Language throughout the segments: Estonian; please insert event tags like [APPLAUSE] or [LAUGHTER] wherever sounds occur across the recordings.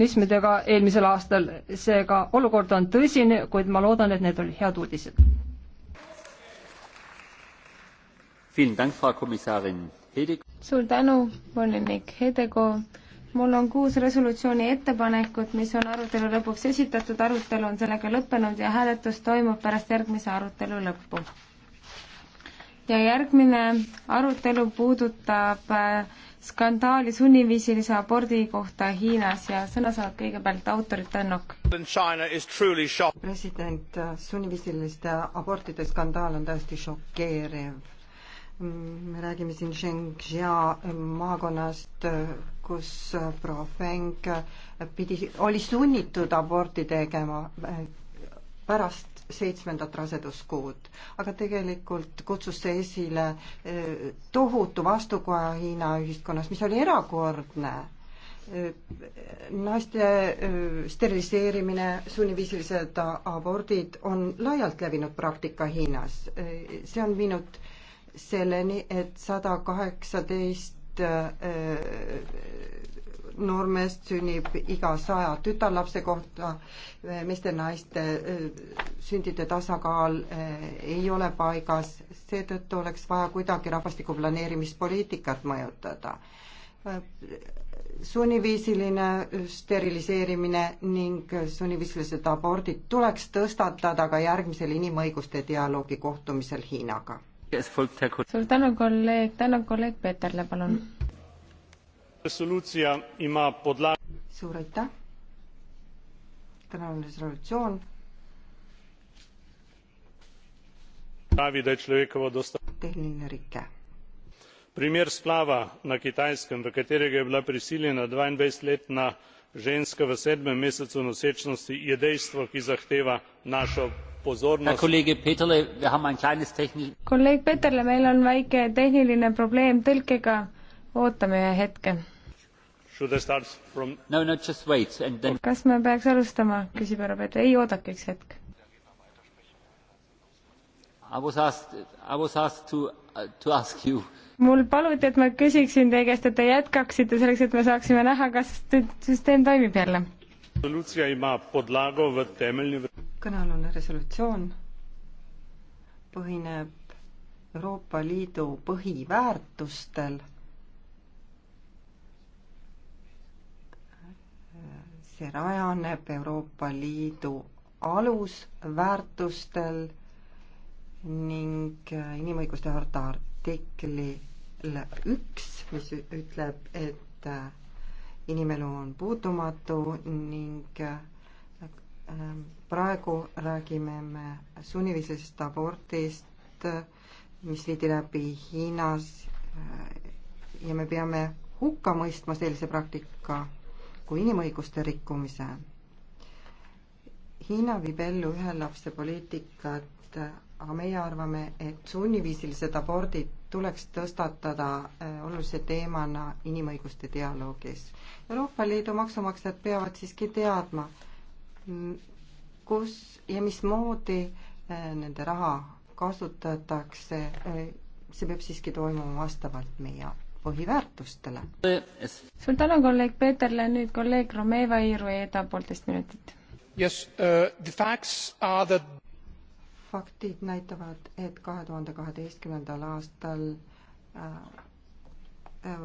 mehhanismidega eelmisel aastal, seega olukord on tõsine, kuid ma loodan, et need olid head uudised. suur tänu, volinik Hedego. mul on kuus resolutsiooni ettepanekut, mis on arutelu lõpuks esitatud, arutelu on sellega lõppenud ja hääletus toimub pärast järgmise arutelu lõppu. ja järgmine arutelu puudutab äh, skandaali sunniviisilise abordi kohta Hiinas ja sõna saab kõigepealt autorid Tännok. president, äh, sunniviisiliste abortide skandaal on täiesti šokeeriv. Mm, me räägime siin Shengjia maakonnast, äh, kus äh, proua Feng pidi, oli sunnitud aborti tegema pärast seitsmendat raseduskuud. aga tegelikult kutsus see esile eh, tohutu vastukoja Hiina ühiskonnas, mis oli erakordne. Eh, naiste eh, steriliseerimine, sunniviisilised abordid on laialt levinud praktika Hiinas. see on viinud selleni, et sada kaheksateist noormeest sünnib iga saja tütarlapse kohta, meeste-naiste äh, sündide tasakaal äh, ei ole paigas, seetõttu oleks vaja kuidagi rahvastiku planeerimispoliitikat mõjutada. Äh, sunniviisiline steriliseerimine ning sunniviisilised abordid tuleks tõstatada ka järgmisel inimõiguste dialoogi kohtumisel Hiinaga. suur tänu, kolleeg, tänu kolleeg Peeterle, palun mm resolucija ima podla-. suur aitäh. tänane resolutsioon. pravi, da je človekovo dosta-. tehniline rike. primer splava na kitajskem, v katerega je bila prisiljena dvaindvajsetletna ženska v sedmem mesecu nosečnosti je dejstvo ki zahteva našo pozornost. kolleeg peterle meil on väike tehniline probleem tõlkega ootame ühe hetke. From... No, no, then... kas me peaks alustama, küsib härra Peeter, ei oodake üks hetk. Uh, mul paluti, et ma küsiksin teie käest, et te jätkaksite selleks, et me saaksime näha, kas süsteem toimib jälle. kõnealune resolutsioon põhineb Euroopa Liidu põhiväärtustel see rajaneb Euroopa Liidu alusväärtustel ning äh, inimõiguste harta artikli üks, mis ütleb, et äh, inimelu on puutumatu ning äh, praegu räägime me sunnilisest abordist, mis viidi läbi Hiinas ja me peame hukka mõistma sellise praktika kokku inimõiguste rikkumise. Hiina viib ellu ühe lapse poliitikat, aga meie arvame, et sunniviisilised abordid tuleks tõstatada äh, olulise teemana inimõiguste dialoogis. Euroopa Liidu maksumaksjad peavad siiski teadma, mm, kus ja mismoodi äh, nende raha kasutatakse, äh, see peab siiski toimuma vastavalt meie põhiväärtustele. suur tänu, kolleeg Peeterle, nüüd kolleeg Romeva Irueda, poolteist minutit. Yes, uh, the facts are that faktid näitavad, et kahe tuhande kaheteistkümnendal aastal äh, äh,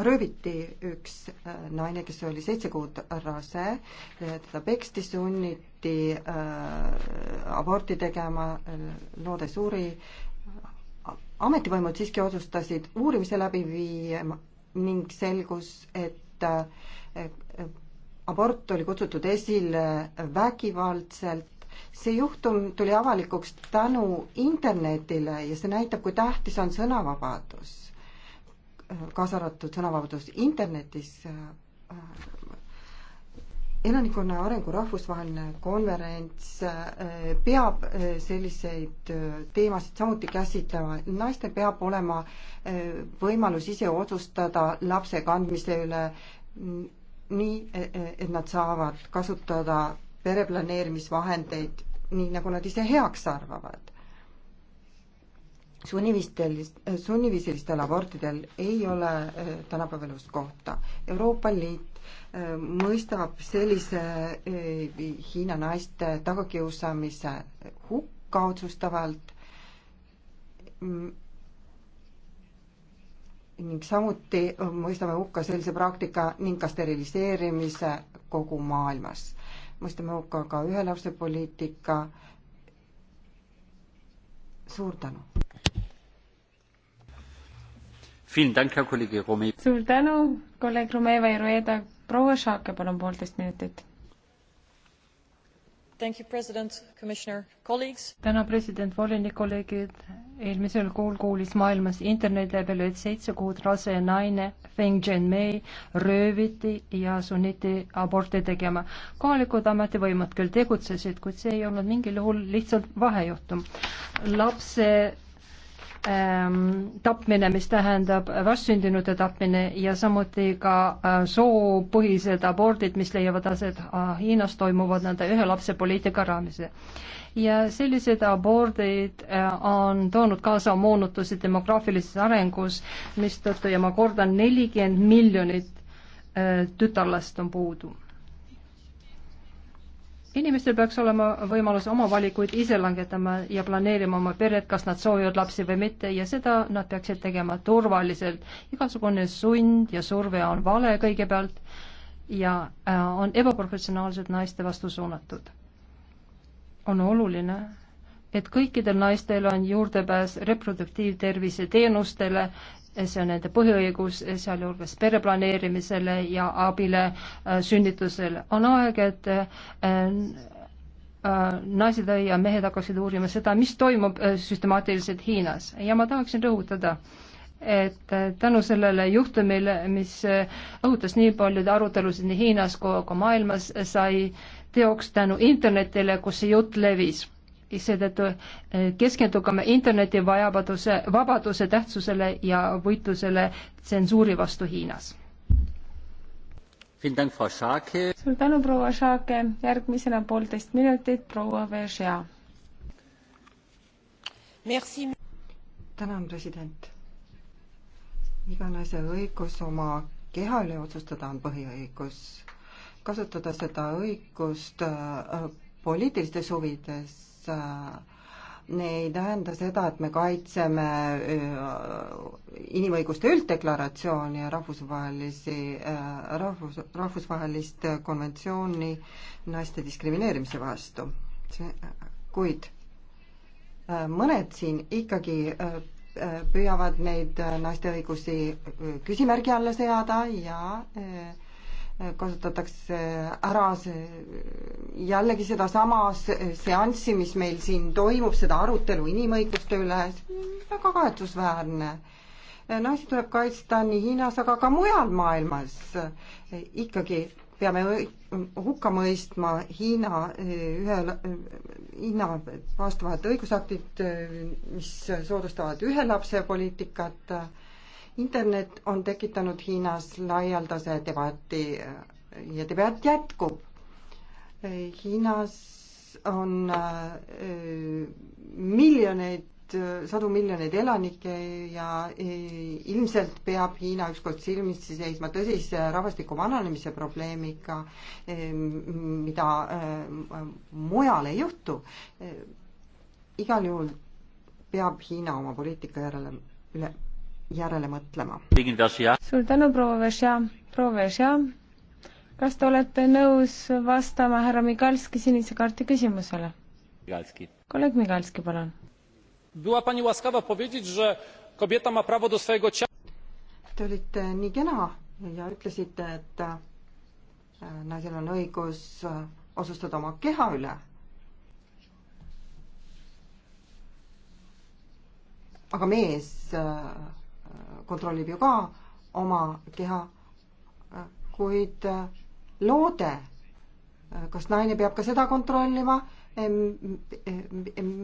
rööviti üks äh, naine, kes oli seitse kuud rase, teda peksti, sunniti äh, aborti tegema, äh, loode suri ametivõimud siiski otsustasid uurimise läbi viia ning selgus, et abort oli kutsutud esile vägivaldselt. see juhtum tuli avalikuks tänu internetile ja see näitab, kui tähtis on sõnavabadus, kaasa arvatud sõnavabadus internetis elanikkonna arengu rahvusvaheline konverents äh, peab äh, selliseid äh, teemasid samuti käsitlema. naistel peab olema võimalus ise otsustada lapse kandmise üle nii, e-, e-, et nad saavad kasutada pereplaneerimisvahendeid nii, nagu nad ise heaks arvavad sunnivistelist, äh, sunniviisilistel abortidel ei ole äh, tänapäevalust kohta. Euroopa Liit äh, mõistab sellise Hiina naiste tagakiusamise hukka otsustavalt mm, ning samuti mõistame hukka sellise praktika ning ka steriliseerimise kogu maailmas. mõistame hukka ka ühe lapse poliitika. suur tänu! suur tänu, kolleeg Rumeva ja Rueda. proua Šaake, palun poolteist minutit. täna president, volinik, kolleegid. eelmisel kuul kuulis maailmas interneti läbi, et seitse kuud rase naine Feng Jianmei rööviti ja sunniti aborti tegema. kohalikud ametivõimud küll tegutsesid, kuid see ei olnud mingil juhul lihtsalt vahejuhtum. lapse Ähm, tapmine, mis tähendab vastsündinute tapmine ja samuti ka äh, soopõhised abordid, mis leiavad aset äh, Hiinas toimuvad nende ühe lapse poliitika raames. ja sellised abordid äh, on toonud kaasa moonutusi demograafilises arengus, mistõttu ja ma kordan, nelikümmend miljonit tütarlast on puudu inimestel peaks olema võimalus oma valikuid ise langetama ja planeerima oma peret, kas nad soovivad lapsi või mitte ja seda nad peaksid tegema turvaliselt. igasugune sund ja surve on vale kõigepealt ja äh, on ebaprofessionaalselt naiste vastu suunatud. on oluline, et kõikidel naistel on juurdepääs reproduktiivtervise teenustele see on nende põhiõigus, sealjuures pereplaneerimisele ja abile äh, sünnitusel. on aeg, et äh, äh, naised ja mehed hakkasid uurima seda, mis toimub süstemaatiliselt Hiinas ja ma tahaksin rõhutada, et tänu sellele juhtumile, mis õhutas nii paljude arutelusid nii Hiinas kui ka maailmas, sai teoks tänu internetile, kus see jutt levis seetõttu eh, keskendugame interneti vajaduse, vabaduse tähtsusele ja võitlusele tsensuuri vastu Hiinas. suur tänu, proua Šake, järgmisena poolteist minutit, proua Veržea. tänan, president. iga naise õigus oma kehale otsustada on põhiõigus kasutada seda õigust äh, poliitilistes huvides äh, ei tähenda seda, et me kaitseme äh, inimõiguste ülddeklaratsiooni ja rahvusvahelisi, äh, rahvus, rahvusvahelist konventsiooni naiste diskrimineerimise vastu. kuid mõned siin ikkagi püüavad neid naiste õigusi küsimärgi alla seada ja kasutatakse ära see, jällegi sedasama seanssi, mis meil siin toimub, seda arutelu inimõiguste üle, väga kahetsusväärne. naisi tuleb kaitsta nii Hiinas, aga ka mujal maailmas. ikkagi peame hukka mõistma Hiina ühe, Hiina vastavad õigusaktid, mis soodustavad ühe lapse poliitikat internet on tekitanud Hiinas laialdase debati äh, ja debatt jätkub. Hiinas on äh, miljoneid, sadu miljoneid elanikke ja äh, ilmselt peab Hiina ükskord silmitsi seisma tõsise rahvastiku vananemise probleemiga, mida mujal ei juhtu. igal juhul peab Hiina oma poliitika järele üle järele mõtlema. suur tänu, proua Veržja, proua Veržja. kas te olete nõus vastama härra Migalski sinise kaarti küsimusele? kolleeg Migalski, palun. Te olite nii kena ja ütlesite, et äh, naisel on õigus äh, otsustada oma keha üle aga mees äh, kontrollib ju ka oma keha, kuid loode, kas naine peab ka seda kontrollima,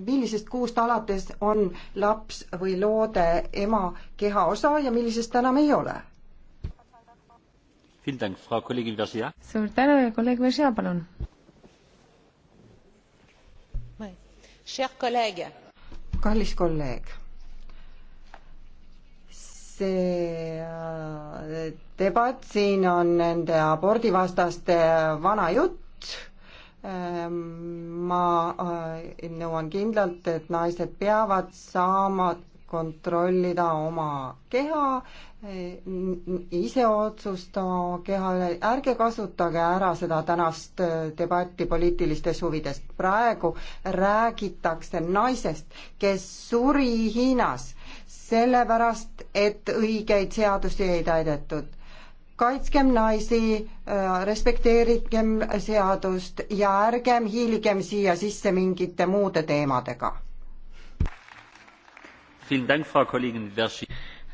millisest kuust alates on laps või loode ema kehaosa ja millisest enam ei ole? suur tänu ja kolleeg Veržea, palun. kallis kolleeg see äh, debatt siin on nende abordivastaste äh, vana jutt. Ähm, ma äh, nõuan kindlalt, et naised peavad saama kontrollida oma keha, ise otsustama oma keha üle, ärge kasutage ära seda tänast debatti poliitilistest huvidest. praegu räägitakse naisest, kes suri Hiinas sellepärast, et õigeid seadusi ei täidetud. kaitskem naisi, äh, respekteerigem seadust ja ärgem hiiligem siia sisse mingite muude teemadega.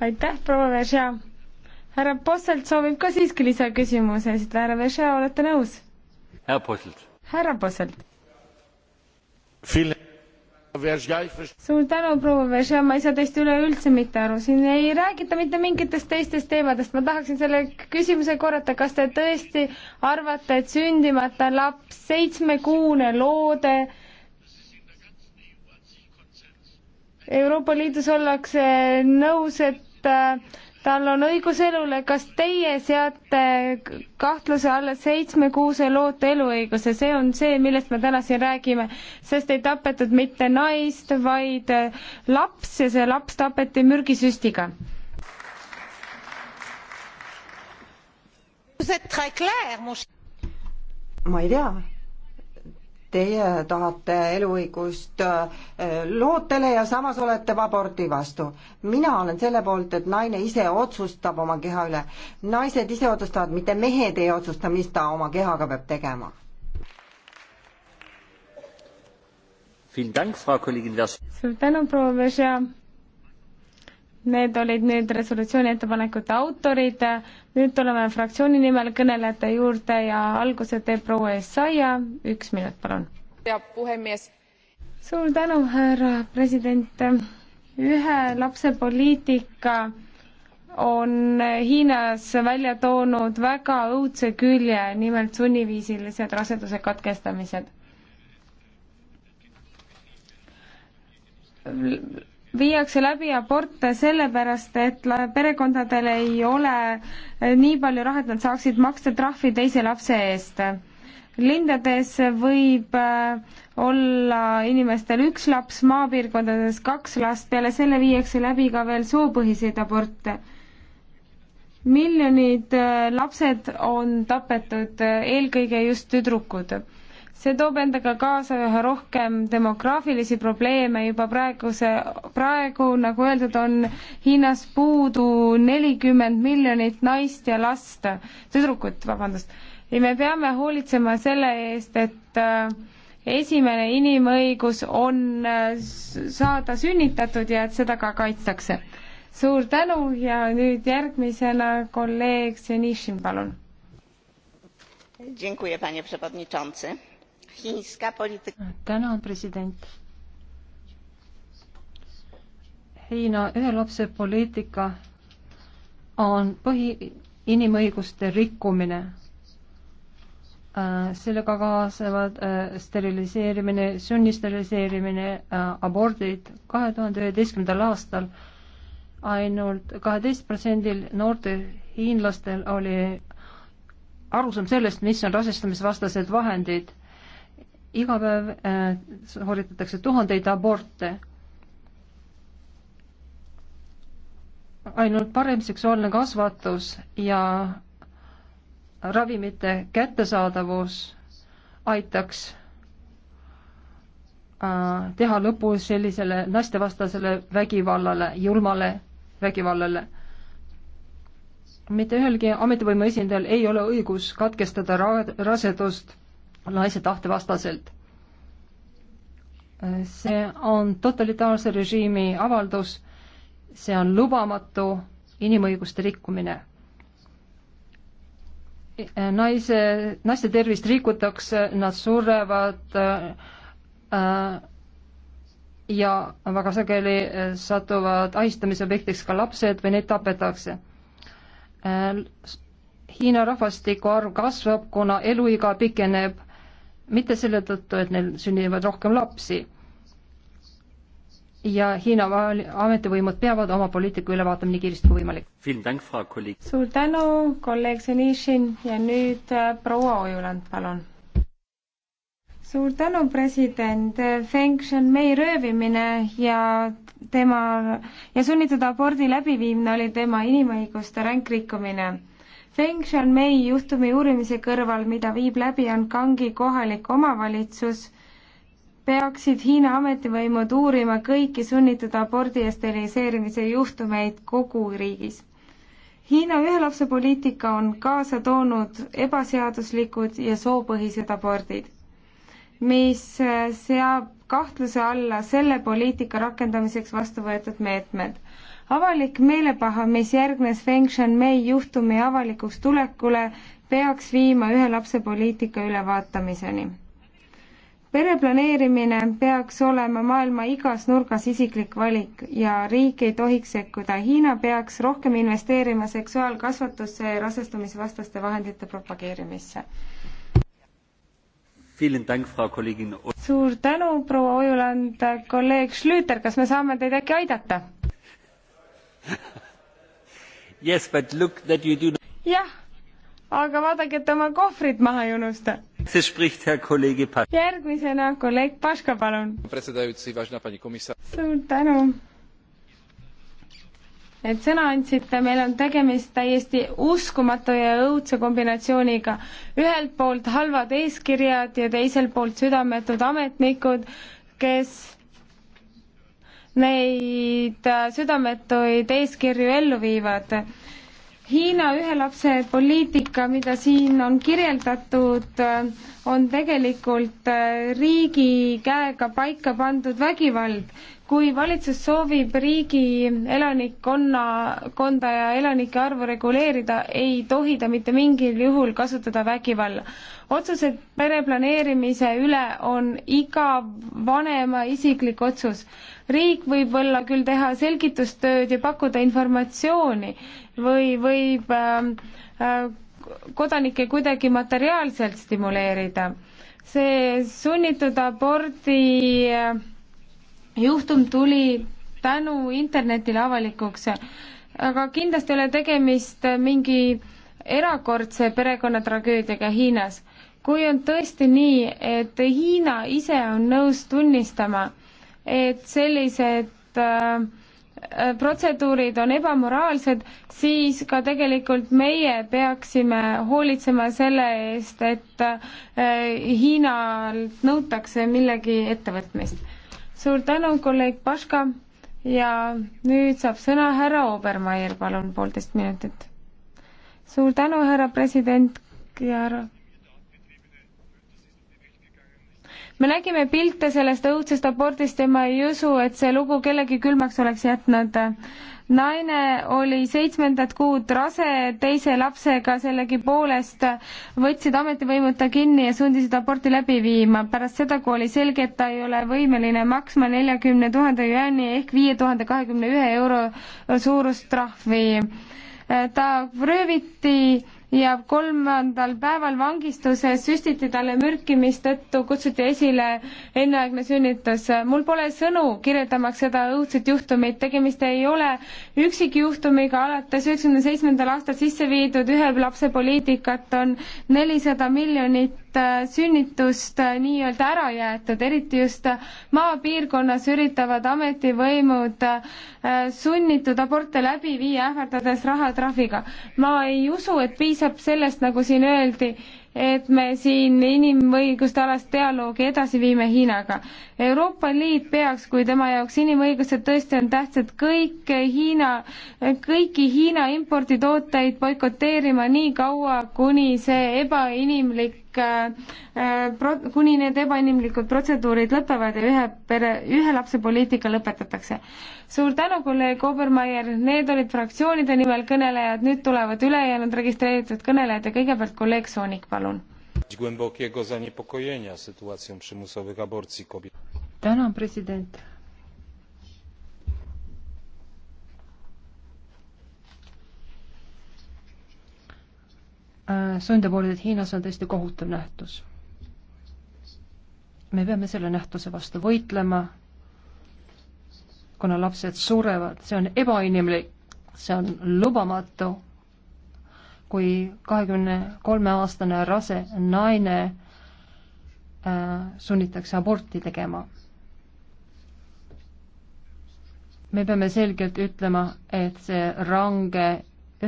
aitäh, proua Veržea. härra Posselt soovib ka siiski lisaküsimuse esitada, härra Veržea, olete nõus? härra Posselt. härra Posselt suur tänu, proua Veržja, ma ei saa teist üleüldse mitte aru, siin ei räägita mitte mingitest teistest teemadest, ma tahaksin selle küsimuse korrata, kas te tõesti arvate, et sündimata laps, seitsmekuune loode, Euroopa Liidus ollakse nõus, et äh, tal on õigus elule, kas teie seate kahtluse alla seitsme kuuse loote eluõiguse, see on see, millest me täna siin räägime, sest ei tapetud mitte naist, vaid äh, laps ja see laps tapeti mürgisüstiga. ma ei tea Teie tahate eluõigust äh, lootele ja samas olete abordi vastu. mina olen selle poolt, et naine ise otsustab oma keha üle. naised ise otsustavad, mitte mehed ei otsusta, mis ta oma kehaga peab tegema. suur tänu, proua Veržea. Need olid nüüd resolutsiooni ettepanekute autorid. nüüd tuleme fraktsiooni nimel kõnelejate juurde ja alguse teeb proua Essaia. üks minut, palun. suur tänu, härra president. ühe lapse poliitika on Hiinas välja toonud väga õudse külje, nimelt sunniviisilised raseduse katkestamised viiakse läbi aborte sellepärast, et perekondadel ei ole eh, nii palju raha, et nad saaksid maksta trahvi teise lapse eest. lindades võib eh, olla inimestel üks laps, maapiirkondades kaks last, peale selle viiakse läbi ka veel soopõhiseid aborte. miljonid eh, lapsed on tapetud, eelkõige just tüdrukud see toob endaga kaasa üha rohkem demograafilisi probleeme, juba praeguse, praegu, nagu öeldud, on Hiinas puudu nelikümmend miljonit naist ja last, tüdrukut, vabandust. ja me peame hoolitsema selle eest, et äh, esimene inimõigus on äh, saada sünnitatud ja et seda ka kaitstakse. suur tänu ja nüüd järgmisena kolleeg Senišin, palun. Dziękuję panie przewodniczący tänan, president. Hiina ühe lapse poliitika on põhi inimõiguste rikkumine. Äh, sellega kaasnevad äh, steriliseerimine, sunnisteriliseerimine, äh, abordid. kahe tuhande üheteistkümnendal aastal ainult kaheteist protsendil noortel hiinlastel oli arusaam sellest, mis on rasestamisvastased vahendid iga päev äh, sooritatakse tuhandeid aborte. ainult parem seksuaalne kasvatus ja ravimite kättesaadavus aitaks äh, teha lõpu sellisele naistevastasele vägivallale, julmale vägivallale mitte ühelgi ametivõimu esindajal ei ole õigus katkestada ra rasedust naise tahte vastaselt. see on totalitaarse režiimi avaldus, see on lubamatu inimõiguste rikkumine. naise, naiste tervist rikutakse, nad surevad äh, ja väga sageli satuvad ahistamise objektiks ka lapsed või neid tapetakse äh,. Hiina rahvastiku arv kasvab, kuna eluiga pikeneb mitte selle tõttu, et neil sünnivad rohkem lapsi. ja Hiina ametivõimud peavad oma poliitika üle vaatama nii kiiresti kui võimalik. suur tänu, kolleeg Zenishin ja nüüd äh, proua Ojuland, palun suur tänu, president. Feng Shenmei röövimine ja tema ja sunnitud abordi läbiviimine oli tema inimõiguste ränk rikkumine Feng Shanmei juhtumi uurimise kõrval, mida viib läbi Ankangi kohalik omavalitsus, peaksid Hiina ametivõimud uurima kõiki sunnitud abordi ja steriliseerimise juhtumeid kogu riigis. Hiina ühelapsepoliitika on kaasa toonud ebaseaduslikud ja soopõhised abordid, mis äh, seab kahtluse alla selle poliitika rakendamiseks vastu võetud meetmed avalik meelepaha, mis järgnes Feng Shanmei juhtumi avalikuks tulekule, peaks viima ühe lapse poliitika ülevaatamiseni. pereplaneerimine peaks olema maailma igas nurgas isiklik valik ja riik ei tohiks sekkuda. Hiina peaks rohkem investeerima seksuaalkasvatusse ja rasestumisvastaste vahendite propageerimisse. suur tänu, proua Ojuland, kolleeg Schlüter, kas me saame teid äkki aidata? [LAUGHS] Yes, but look that you do not... jah, aga vaadake, et oma kohvrit maha ei unusta. järgmisena kolleeg Paška, palun. suur tänu, et sõna andsite, meil on tegemist täiesti uskumatu ja õudse kombinatsiooniga. ühelt poolt halvad eeskirjad ja teiselt poolt südametud ametnikud, kes neid äh, südametuid eeskirju ellu viivad. Hiina ühe lapse poliitika, mida siin on kirjeldatud, äh, on tegelikult äh, riigi käega paika pandud vägivald kui valitsus soovib riigi elanikkonna, konda ja elanike arvu reguleerida, ei tohi ta mitte mingil juhul kasutada vägivalla. otsused pereplaneerimise üle on iga vanema isiklik otsus. riik võib olla küll teha selgitustööd ja pakkuda informatsiooni või võib äh, äh kodanikke kuidagi materiaalselt stimuleerida. see sunnitud abordi äh, juhtum tuli tänu internetile avalikuks. aga kindlasti ei ole tegemist mingi erakordse perekonnatragöödiaga Hiinas. kui on tõesti nii, et Hiina ise on nõus tunnistama, et sellised äh, protseduurid on ebamoraalsed, siis ka tegelikult meie peaksime hoolitsema selle eest, et äh, Hiinalt nõutakse millegi ettevõtmist suur tänu, kolleeg Paška ja nüüd saab sõna härra Obermeier, palun, poolteist minutit. suur tänu, härra president ja härra me nägime pilte sellest õudsest abordist ja ma ei usu, et see lugu kellegi külmaks oleks jätnud äh, naine oli seitsmendat kuud rase teise lapsega, sellegipoolest võtsid ametivõimud ta kinni ja sundisid aborti läbi viima. pärast seda, kui oli selge, et ta ei ole võimeline maksma neljakümne tuhande jänni ehk viie tuhande kahekümne ühe euro suurust trahvi. ta rööviti ja kolmandal päeval vangistuses süstiti talle mürki, mistõttu kutsuti esile enneaegne sünnitus. mul pole sõnu kirjeldamaks seda õudset juhtumit, tegemist ei ole üksikjuhtumiga, alates üheksakümne seitsmendal aastal sisse viidud ühe lapse poliitikat on nelisada miljonit Äh, sünnitust äh, nii-öelda ära jäetud, eriti just äh, maapiirkonnas üritavad ametivõimud sunnitud aborte läbi viia, ähvardades rahatrahviga. ma ei usu, et piisab sellest, nagu siin öeldi, et me siin inimõiguste alast dialoogi edasi viime Hiinaga. Euroopa Liit peaks, kui tema jaoks inimõigused tõesti on tähtsad, kõik Hiina, kõiki Hiina imporditooteid boikoteerima nii kaua, kuni see ebainimlik äh, pro-, kuni need ebainimlikud protseduurid lõpevad ja ühe pere, ühe lapse poliitika lõpetatakse. suur tänu, kolleeg Obermeier, need olid fraktsioonide nimel kõnelejad, nüüd tulevad ülejäänud registreeritud kõnelejad ja kõigepealt kolleeg Soonik, palun wyrazić głębokiego zaniepokojenia sytuacją przymusowych aborcji kobiet. tänan president. Äh, sundaboolid Hiinas on tõesti kohutav nähtus. me peame selle nähtuse vastu võitlema, kuna lapsed surevad, see on ebainimlik, see on lubamatu kui kahekümne kolme aastane rase naine äh, sunnitakse aborti tegema. me peame selgelt ütlema, et see range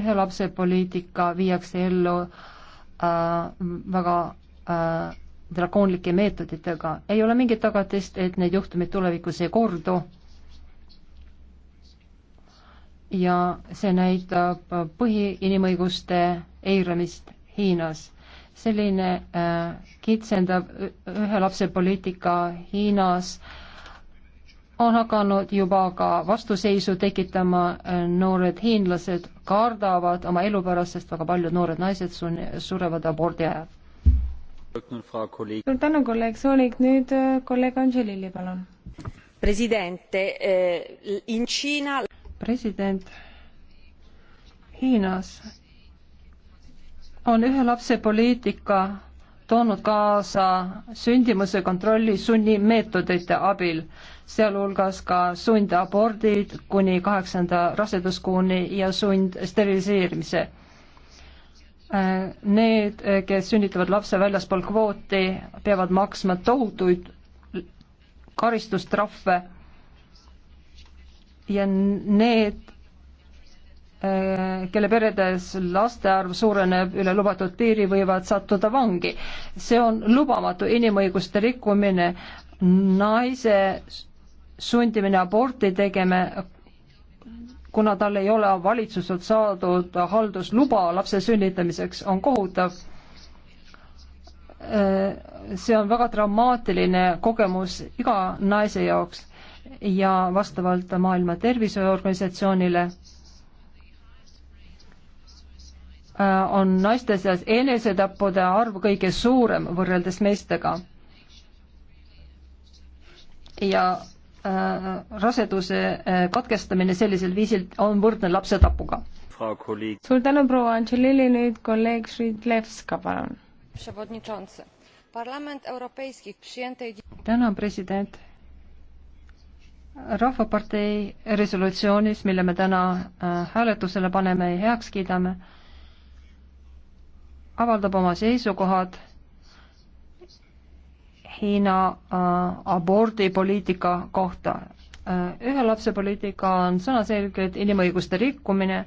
ühe lapse poliitika viiakse ellu äh, väga äh, drakoonlike meetoditega. ei ole mingit tagatist, et need juhtumid tulevikus ei kordu ja see näitab põhiinimõiguste eiramist Hiinas. selline äh, kitsendab ühe lapse poliitika Hiinas on hakanud juba ka vastuseisu tekitama, äh, noored hiinlased kardavad oma elu pärast, sest väga paljud noored naised surevad abordi ajal. suur tänu, kolleeg Soolik, nüüd äh, kolleeg Angelilli, palun presidente äh, in cina president Hiinas on ühe lapse poliitika toonud kaasa sündimuse kontrolli sunnimeetodite abil, sealhulgas ka sundabordid kuni kaheksanda raseduskuuni ja sundsteriliseerimise. Äh, need, kes sünnitavad lapse väljaspool kvooti, peavad maksma tohutuid karistustrahve ja need, äh, kelle peredes laste arv suureneb üle lubatud piiri, võivad sattuda vangi. see on lubamatu inimõiguste rikkumine, naise sundimine aborti tegema, kuna tal ei ole valitsuselt saadud haldusluba lapse sünnitamiseks, on kohutav äh, see on väga dramaatiline kogemus iga naise jaoks ja vastavalt Maailma Terviseorganisatsioonile äh, on naiste seas enesetappude arv kõige suurem võrreldes meestega. ja äh, raseduse äh, katkestamine sellisel viisil on võrdne lapsetapuga. suur tänu, proua Angelili, nüüd kolleeg Šridlevska, palun. tänan, president rahvapartei resolutsioonis, mille me täna äh, hääletusele paneme ja heaks kiidame, avaldab oma seisukohad Hiina äh, abordipoliitika kohta äh,. ühe lapse poliitika on sõnaselgelt inimõiguste rikkumine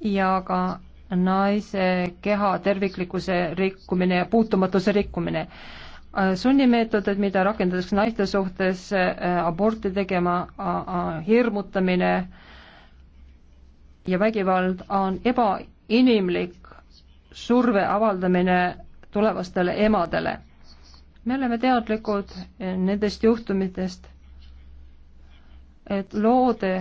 ja ka naise keha terviklikkuse rikkumine ja puutumatuse rikkumine äh, sunnimeetodid, mida rakendatakse naiste suhtes, äh, aborti tegema, äh, äh, hirmutamine ja vägivald on ebainimlik surve avaldamine tulevastele emadele. me oleme teadlikud nendest juhtumitest, et loode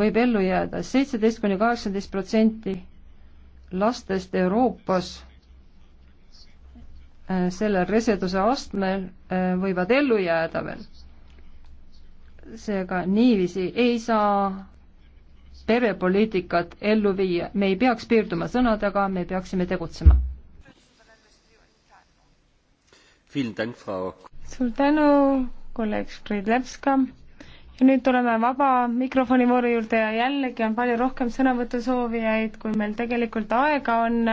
võib ellu jääda seitseteist kuni kaheksateist protsenti lastest Euroopas Äh, sellel reseduse astmel äh, võivad ellu jääda veel. seega niiviisi ei saa perepoliitikat ellu viia, me ei peaks piirduma sõnadega, me peaksime tegutsema. suur tänu, kolleeg Škridlevska. ja nüüd tuleme vaba mikrofoni vooru juurde ja jällegi on palju rohkem sõnavõtusoovijaid, kui meil tegelikult aega on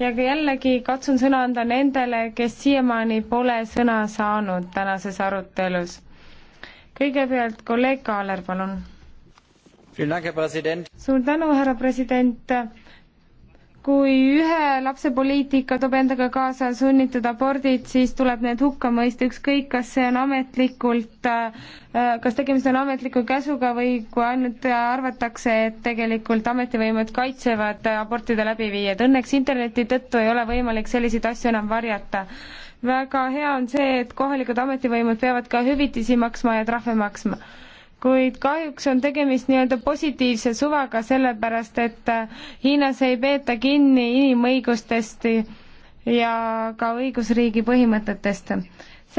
ja ka jällegi katsun sõna anda nendele, kes siiamaani pole sõna saanud tänases arutelus. kõigepealt kolleeg Kaaler, palun. suur tänu, härra president kui ühe lapse poliitika toob endaga kaasa sunnitud abordid, siis tuleb need hukka mõista, ükskõik kas see on ametlikult, äh, kas tegemist on ametliku käsuga või kui ainult arvatakse, et tegelikult ametivõimed kaitsevad abortide läbiviijad. Õnneks interneti tõttu ei ole võimalik selliseid asju enam varjata väga hea on see, et kohalikud ametivõimud peavad ka hüvitisi maksma ja trahve maksma kuid kahjuks on tegemist nii-öelda positiivse suvaga, sellepärast et äh, Hiinas ei peeta kinni inimõigustest ja ka õigusriigi põhimõtetest.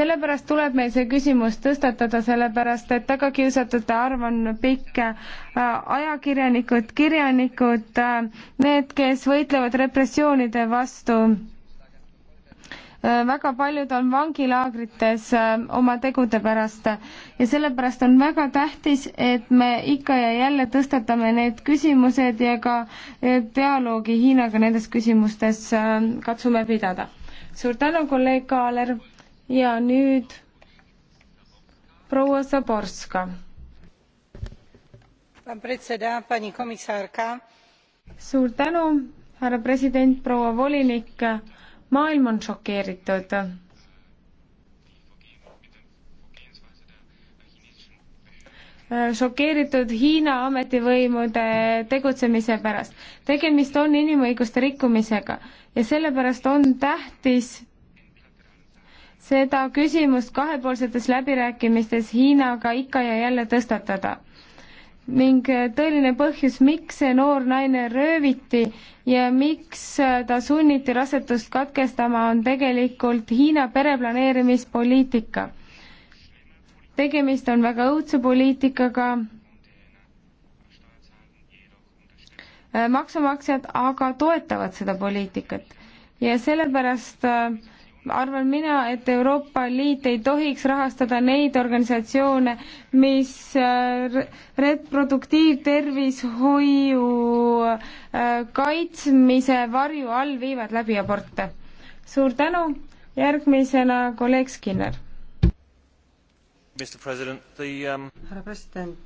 sellepärast tuleb meil see küsimus tõstatada, sellepärast et tagakiusatute arv on pikk. Äh, ajakirjanikud, kirjanikud, äh, need, kes võitlevad repressioonide vastu Äh, väga paljud on vangilaagrites äh, oma tegude pärast ja sellepärast on väga tähtis, et me ikka ja jälle tõstatame need küsimused ja ka äh, dialoogi Hiinaga nendes küsimustes katsume pidada. suur tänu, kolleeg Kaaler ja nüüd proua Zaborska. suur tänu, härra president, proua volinik maailm on šokeeritud. šokeeritud Hiina ametivõimude tegutsemise pärast. tegemist on inimõiguste rikkumisega ja sellepärast on tähtis seda küsimust kahepoolsetes läbirääkimistes Hiinaga ikka ja jälle tõstatada ning äh, tõeline põhjus, miks see noor naine rööviti ja miks äh, ta sunniti rasedust katkestama, on tegelikult Hiina pereplaneerimispoliitika. tegemist on väga õudse poliitikaga, äh, maksumaksjad aga toetavad seda poliitikat ja sellepärast äh, arvan mina, et Euroopa Liit ei tohiks rahastada neid organisatsioone, mis äh, reproduktiivtervishoiu äh, kaitsmise varju all viivad läbi aborte. suur tänu, järgmisena kolleeg Skinner. Um, härra president,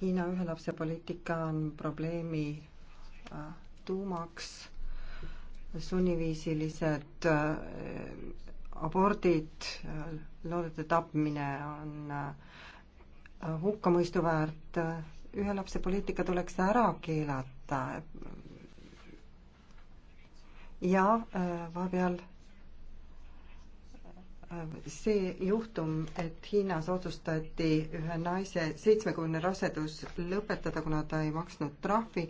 Hiina ühelapsepoliitika on probleemi äh, tuumaks sunniviisilised äh, abordid, äh, loodete tapmine on äh, hukkamõistu väärt, ühe lapse poliitika tuleks ära keelata. ja vahepeal see juhtum, et Hiinas otsustati ühe naise seitsmekümne rasedus lõpetada, kuna ta ei maksnud trahvi,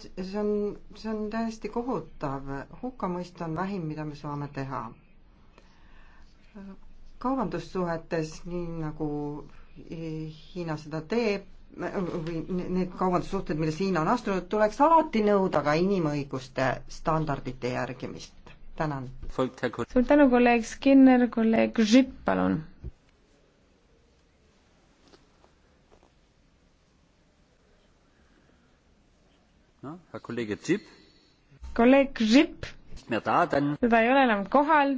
see on, see on täiesti kohutav, hukkamõist on vähim, mida me saame teha. kaubandussuhetes, nii nagu Hiina seda teeb, või need kaubandussuhted, millesse Hiina on astunud, tuleks alati nõuda ka inimõiguste standardite järgimist. tänan. suur tänu, kolleeg Skinner, kolleeg Žipp, palun kolleeg Žip teda ei ole enam kohal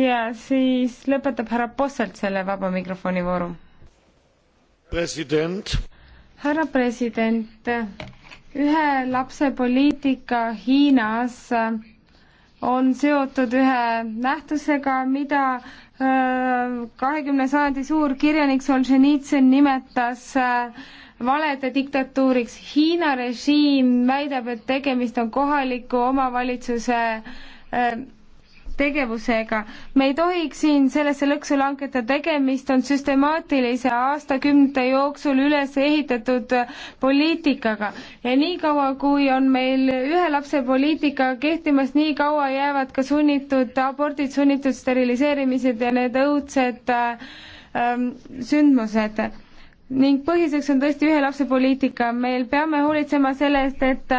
ja siis lõpetab härra Posselt selle vaba mikrofoni vooru. härra president, ühe lapse poliitika Hiinas on seotud ühe nähtusega, mida Äh, kahekümne sajandi suur kirjanik Solženitsõn nimetas äh, valede diktatuuriks. Hiina režiim väidab, et tegemist on kohaliku omavalitsuse äh, tegevusega. me ei tohiks siin sellesse lõksu langeda, tegemist on süstemaatilise aastakümnete jooksul üles ehitatud poliitikaga ja niikaua, kui on meil ühe lapse poliitika kehtimas, nii kaua jäävad ka sunnitud abordid, sunnitud steriliseerimised ja need õudsed äh, ähm, sündmused ning põhiseks on tõesti ühe lapse poliitika, meil peame hoolitsema selle eest, et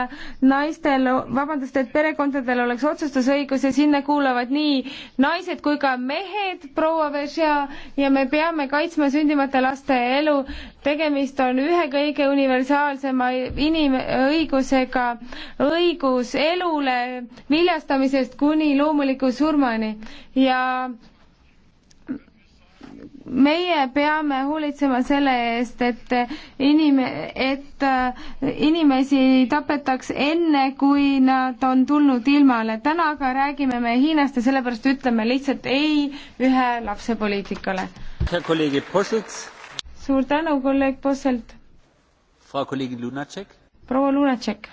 naistel, vabandust, et perekondadel oleks otsustusõigus ja sinna kuuluvad nii naised kui ka mehed, proua Veržea, ja me peame kaitsma sündimata laste elu. tegemist on ühe kõige universaalsema inimõigusega, õigus elule viljastamisest kuni loomuliku surmani ja meie peame hoolitsema selle eest, et inim-, et äh, inimesi tapetaks enne, kui nad on tulnud ilmale. täna aga räägime me Hiinast ja sellepärast ütleme lihtsalt ei ühe lapse poliitikale. suur tänu, kolleeg Posselt. proua Lunatšek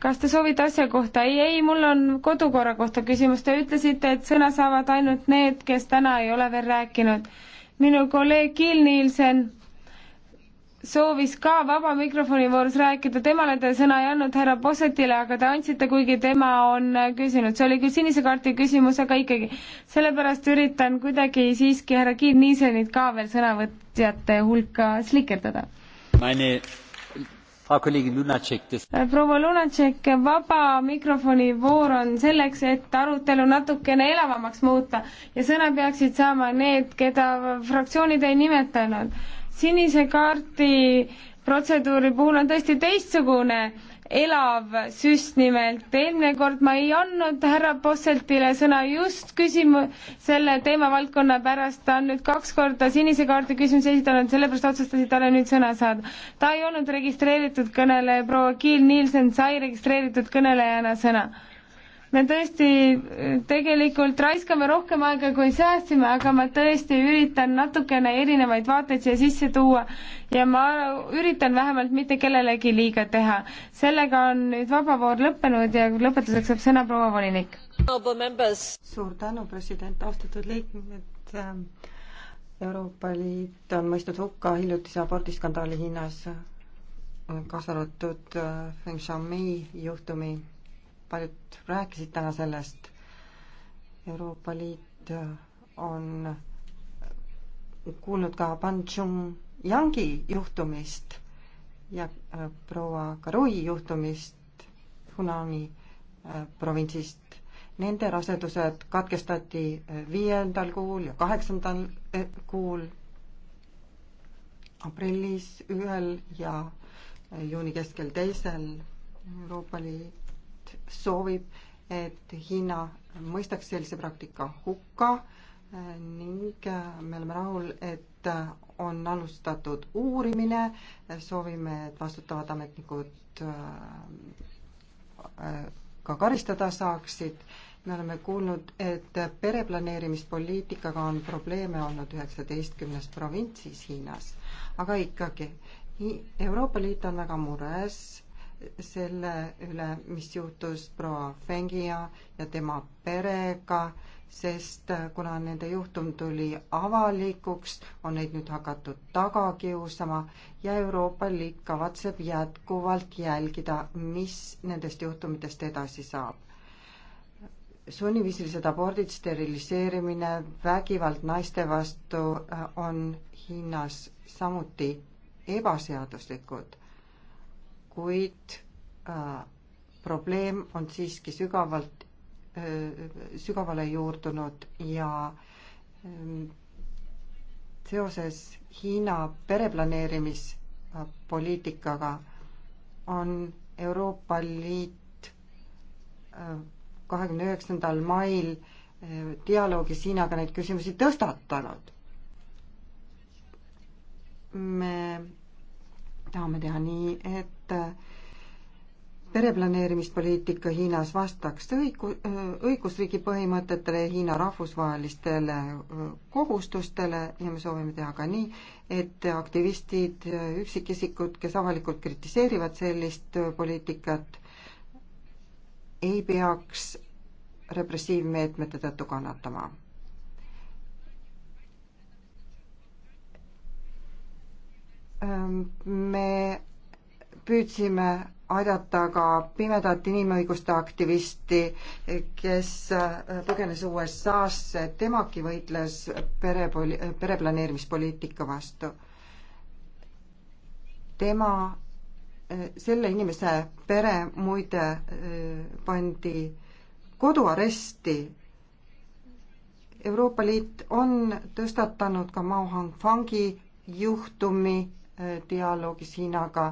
kas te soovite asja kohta? ei, ei, mul on kodukorra kohta küsimus. Te ütlesite, et sõna saavad ainult need, kes täna ei ole veel rääkinud. minu kolleeg Kiil Nielsen soovis ka vaba mikrofoni voorus rääkida, temale te sõna ei andnud, härra Possetile, aga te andsite, kuigi tema on küsinud. see oli küll sinise kaardi küsimus, aga ikkagi. sellepärast üritan kuidagi siiski härra Kiil Nielsenit ka veel sõnavõtjate hulka slikerdada. Meine Äh, proua Lunatšek, vaba mikrofoni voor on selleks, et arutelu natukene elavamaks muuta ja sõna peaksid saama need, keda fraktsioonid ei nimetanud. sinise kaardi protseduuri puhul on tõesti teistsugune elav süst nimelt. eelmine kord ma ei andnud härra Posseltile sõna just küsimu-, selle teemavaldkonna pärast, ta on nüüd kaks korda sinise kaardi küsimuse esitanud, sellepärast otsustasin talle nüüd sõna saada. ta ei olnud registreeritud kõneleja, proua Kiil Nielsen sai registreeritud kõnelejana sõna me tõesti tegelikult raiskame rohkem aega, kui säästime, aga ma tõesti üritan natukene erinevaid vaateid siia sisse tuua ja ma üritan vähemalt mitte kellelegi liiga teha. sellega on nüüd vaba voor lõppenud ja lõpetuseks saab sõna proua volinik. suur tänu, president, austatud liikmed. Ähm, Euroopa Liit on mõistnud hukka hiljutise abordiskandaali Hiinas, kaasa arvatud äh, Feng Shamei juhtumi paljud rääkisid täna sellest. Euroopa Liit on kuulnud ka Pan Chung-Yangi juhtumist ja äh, proua Karui juhtumist Hunani äh, provintsist. Nende rasedused katkestati äh, viiendal kuul ja kaheksandal kuul, aprillis ühel ja juuni keskel teisel Euroopa Liit Liit soovib, et Hiina mõistaks sellise praktika hukka äh, ning äh, me oleme rahul, et äh, on alustatud uurimine, soovime, et vastutavad ametnikud ka karistada saaksid. me oleme kuulnud, et pereplaneerimispoliitikaga on probleeme olnud üheksateistkümnes provintsis Hiinas, aga ikkagi Euroopa Liit on väga mures selle üle, mis juhtus proua Fengija ja tema perega, sest kuna nende juhtum tuli avalikuks, on neid nüüd hakatud taga kiusama ja Euroopa Liit kavatseb jätkuvalt jälgida, mis nendest juhtumitest edasi saab. sunniviisilised abordid, steriliseerimine, vägivald naiste vastu äh, on Hiinas samuti ebaseaduslikud kuid äh, probleem on siiski sügavalt äh,, sügavale juurdunud ja äh, seoses Hiina pereplaneerimispoliitikaga on Euroopa Liit äh, kahekümne üheksandal mail äh, dialoogis Hiinaga neid küsimusi tõstatanud. me tahame teha nii, et et äh, pereplaneerimispoliitika Hiinas vastaks õigu-, äh, õigusriigi põhimõtetele ja Hiina rahvusvahelistele äh, kohustustele ja me soovime teha ka nii, et aktivistid, üksikisikud, kes avalikult kritiseerivad sellist poliitikat, ei peaks repressiivmeetmete tõttu kannatama me püüdsime aidata ka pimedat inimõiguste aktivisti, kes põgenes äh, USA-sse, temagi võitles pere, pereplaneerimispoliitika vastu. tema, äh, selle inimese pere muide äh, pandi koduaresti. Euroopa Liit on tõstatanud ka Mao Hongfangi juhtumi dialoogis Hiinaga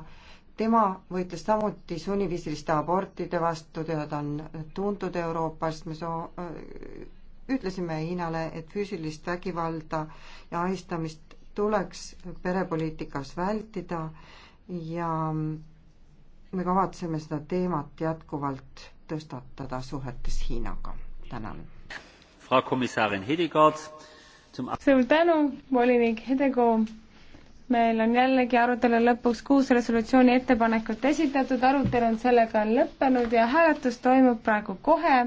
tema võitles samuti sunniviisiliste abortide vastu, teda ta on tuntud Euroopas, me soo-, äh, ütlesime Hiinale, et füüsilist vägivalda ja ahistamist tuleks perepoliitikas vältida ja me kavatseme seda teemat jätkuvalt tõstatada suhetes Hiinaga. tänan. suur tänu, volinik Hedekoo meil on jällegi arutelu lõpuks kuus resolutsiooni ettepanekut esitatud, arutelu on sellega lõppenud ja hääletus toimub praegu kohe